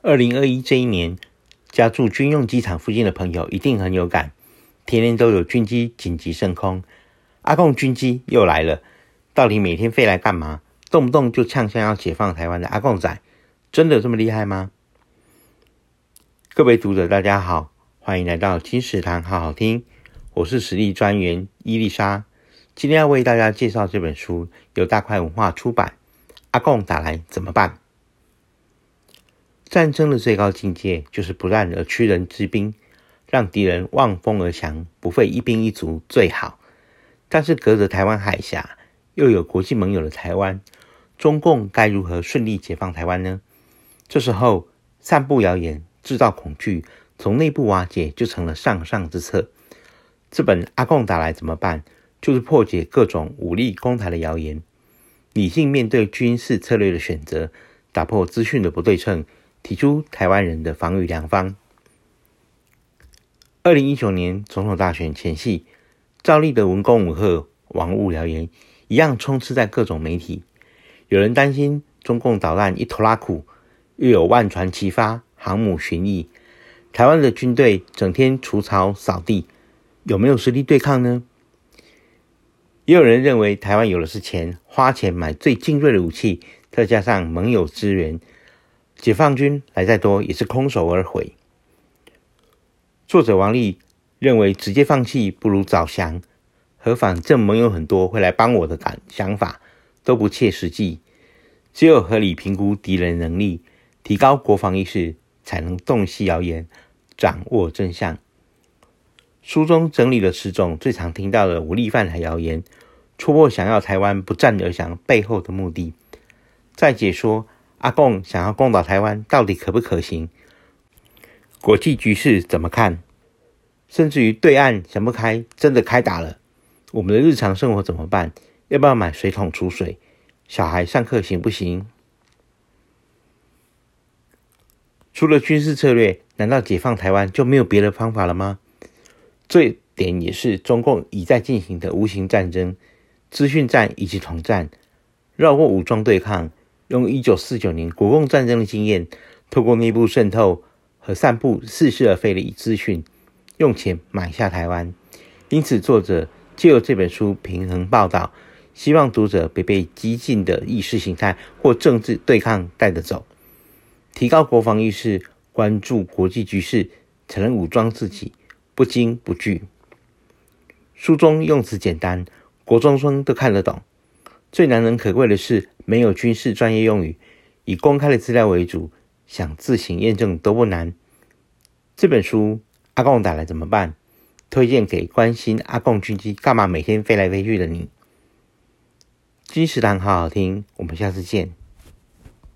二零二一這一年，家住軍用機場附近的朋友一定很有感，天天都有軍機緊急升空。阿共軍機又來了，到底每天飛來幹嘛？動不動就嗆聲要解放台灣的阿共仔，真的這麼厲害嗎？各位讀者大家好，歡迎來到金石堂好好聽，我是實力專員伊麗莎。今天要為大家介紹這本書，由大塊文化出版，《阿共打來怎麼辦》。戰爭的最高境界就是不戰而屈人之兵，讓敵人望風而降，不費一兵一卒最好。但是隔着台灣海峽，又有國際盟友的台灣，中共該如何順利解放台灣呢？這時候散布謠言、制造恐懼，從內部瓦解就成了上上之策。這本阿共打來怎麼辦？就是破解各種武力攻台的謠言，理性面對軍事策略的選擇，打破資訊的不對稱。提出台灣人的防御良方。二零一九年總統大選前夕，照例的文攻武嚇、網路謠言一樣充斥在各種媒體。有人擔心中共導彈一拖拉庫，又有萬船齊發、航母巡弋，台灣的軍隊整天除草掃地，有沒有實力對抗呢？也有人認為台灣有的是錢，花錢買最精銳的武器，再加上盟友支援。解放軍來再多也是空手而回。作者王立認為，直接放棄不如早降，何反正盟友很多會來幫我的感想法都不切實際。只有合理評估敵人能力，提高國防意識，才能洞悉謠言，掌握真相。書中整理了十種最常聽到的武力犯台謠言，戳破想要台灣不戰而降背後的目的。再解說。阿共想要攻打台灣，到底可不可行？國際局勢怎麼看？甚至於對岸想不開，真的開打了，我們的日常生活怎麼辦？要不要買水桶儲水？小孩上課行不行？除了軍事策略，難道解放台灣就沒有別的方法了嗎？這點也是中共已在進行的無形戰爭、資訊戰以及統戰，繞過武裝對抗。用一九四九年國共戰爭的經驗，透過內部滲透和散佈似是而非的資訊，用錢買下台灣。因此，作者借由這本書平衡報道，希望讀者別被激進的意識形態或政治對抗帶得走，提高國防意識，關注國際局勢，才能武裝自己，不驚不懼。書中用詞簡單，國中生都看得懂。最難能可貴的是，沒有軍事專業用語，以公開的資料為主，想自行驗證都不難。這本書阿共打來怎麼辦？推薦給關心阿共軍機幹嘛每天飛來飛去的你。金石堂好好聽，我們下次見。